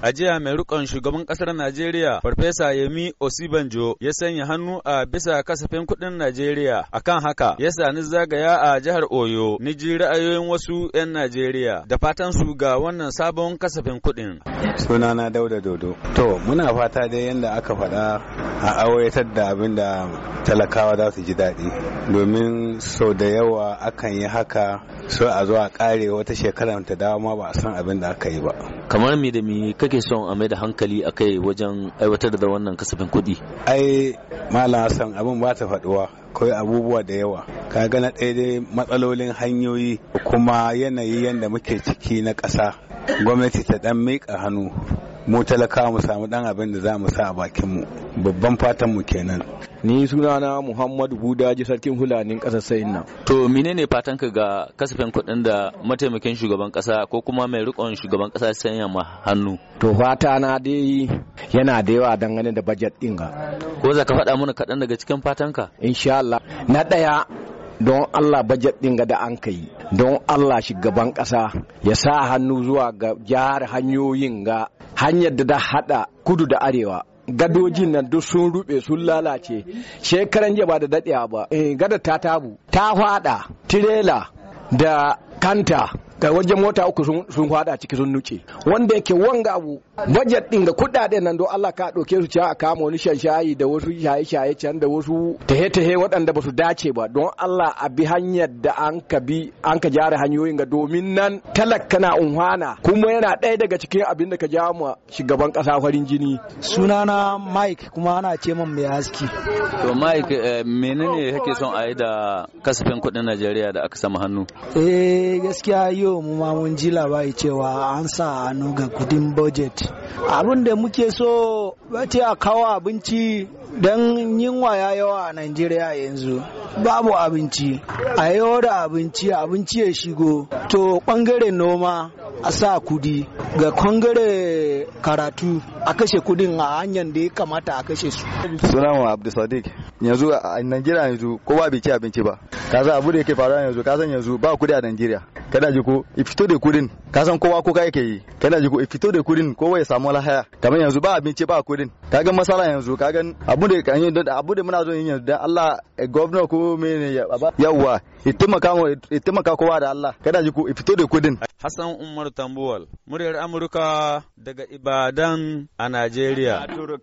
A jiya mai rikon shugaban kasar Najeriya Farfesa Yemi Osibanjo ya sanya hannu a bisa kasafin kuɗin Najeriya. A kan haka ya sani zagaya a jihar Oyo ni ji ra'ayoyin wasu 'yan Najeriya da fatan su ga wannan sabon kasafin kuɗin. Sunana Dauda Dodo. To muna fata dai yadda aka faɗa a awayatar da abin da talakawa za su ji daɗi domin sau da yawa akan yi haka so a zo a ƙare wata shekara ta dawo ma ba a san abin da aka yi ba. kamar me da me kake son a mai da hankali a kai wajen aiwatar da wannan kasafin kuɗi ai malam hassan abin ba ta faɗuwa kawai abubuwa da yawa ka gana ɗaya dai matsalolin hanyoyi kuma yanayi yadda muke ciki na ƙasa gwamnati ta ɗan miƙa hannu mu talaka mu samu dan abin da za mu sa a bakin mu babban fatan mu kenan ni sunana muhammadu budaji sarkin hulanin kasar sayin nan to menene fatan ka ga kasafin kuɗin da mataimakin shugaban kasa ko kuma mai rikon shugaban kasa sanya ma hannu to fata na dai yana da yawa dangane da bajet din ga ko za ka faɗa mana kaɗan daga cikin fatan ka insha Allah na ɗaya don Allah bajet din ga da an kai don Allah shugaban kasa ya sa hannu zuwa ga jihar hanyoyin ga hanyar da da hada kudu da arewa gadojin nan duk sun rube sun lalace shekaran jiya ba da dadewa ba eh, gada ta tabu ta fada tirela da kanta ga wajen mota uku sun hada ciki sun nuke wanda yake wanga abu budget din ga kudaden nan don Allah ka doke su cewa a kama wani shanshayi da wasu shaye-shaye can da wasu tahe-tahe waɗanda ba su dace ba don Allah a bi hanyar da an ka bi an ka jara hanyoyin ga domin nan talaka na unhana kuma yana ɗaya daga cikin abin da ka ja mu shugaban ƙasa farin jini sunana Mike kuma ana ce min mai haski to Mike eh, menene kake son a yi da kasafin kuɗin Najeriya da aka sama hannu eh gaskiya Yau mu ma mun ji labari cewa an sa hannu ga kudin budget abin da muke so ce a kawo abinci don yinwa ya yawa a Najeriya yanzu babu abinci a yawa da abinci abinci ya shigo to bangare noma a sa kudi ga kwangare karatu a kashe kudin a hanyar da ya kamata a kashe su. Sunan Abdul Sadiq. yanzu a Najeriya yanzu kowa bai ci abinci ba ka san abu da yake faruwa yanzu ka san yanzu ba kudi a Najeriya kana ji ko fito da kudin ka san kowa ko yake yi kana ji ko fito da kudin kowa ya samu lahaya kamar yanzu ba abinci ba kudin ka ga masala yanzu ka ga abu da kan yi abu da muna zo yin yanzu dan Allah eh, governor ko mene yawa itimaka ka kowa da Allah kana ji ko fito da kudin Hassan Umar Tambuwal muryar Amurka daga Ibadan a Najeriya